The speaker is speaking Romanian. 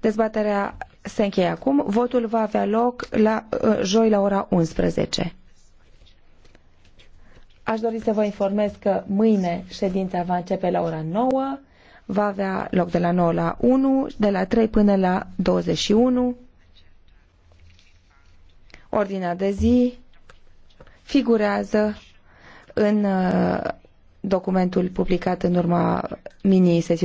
Dezbaterea se încheie acum. Votul va avea loc la uh, joi la ora 11. Aș dori să vă informez că mâine ședința va începe la ora 9, va avea loc de la 9 la 1, de la 3 până la 21. Ordinea de zi figurează în uh, documentul publicat în urma mini-sesiunii.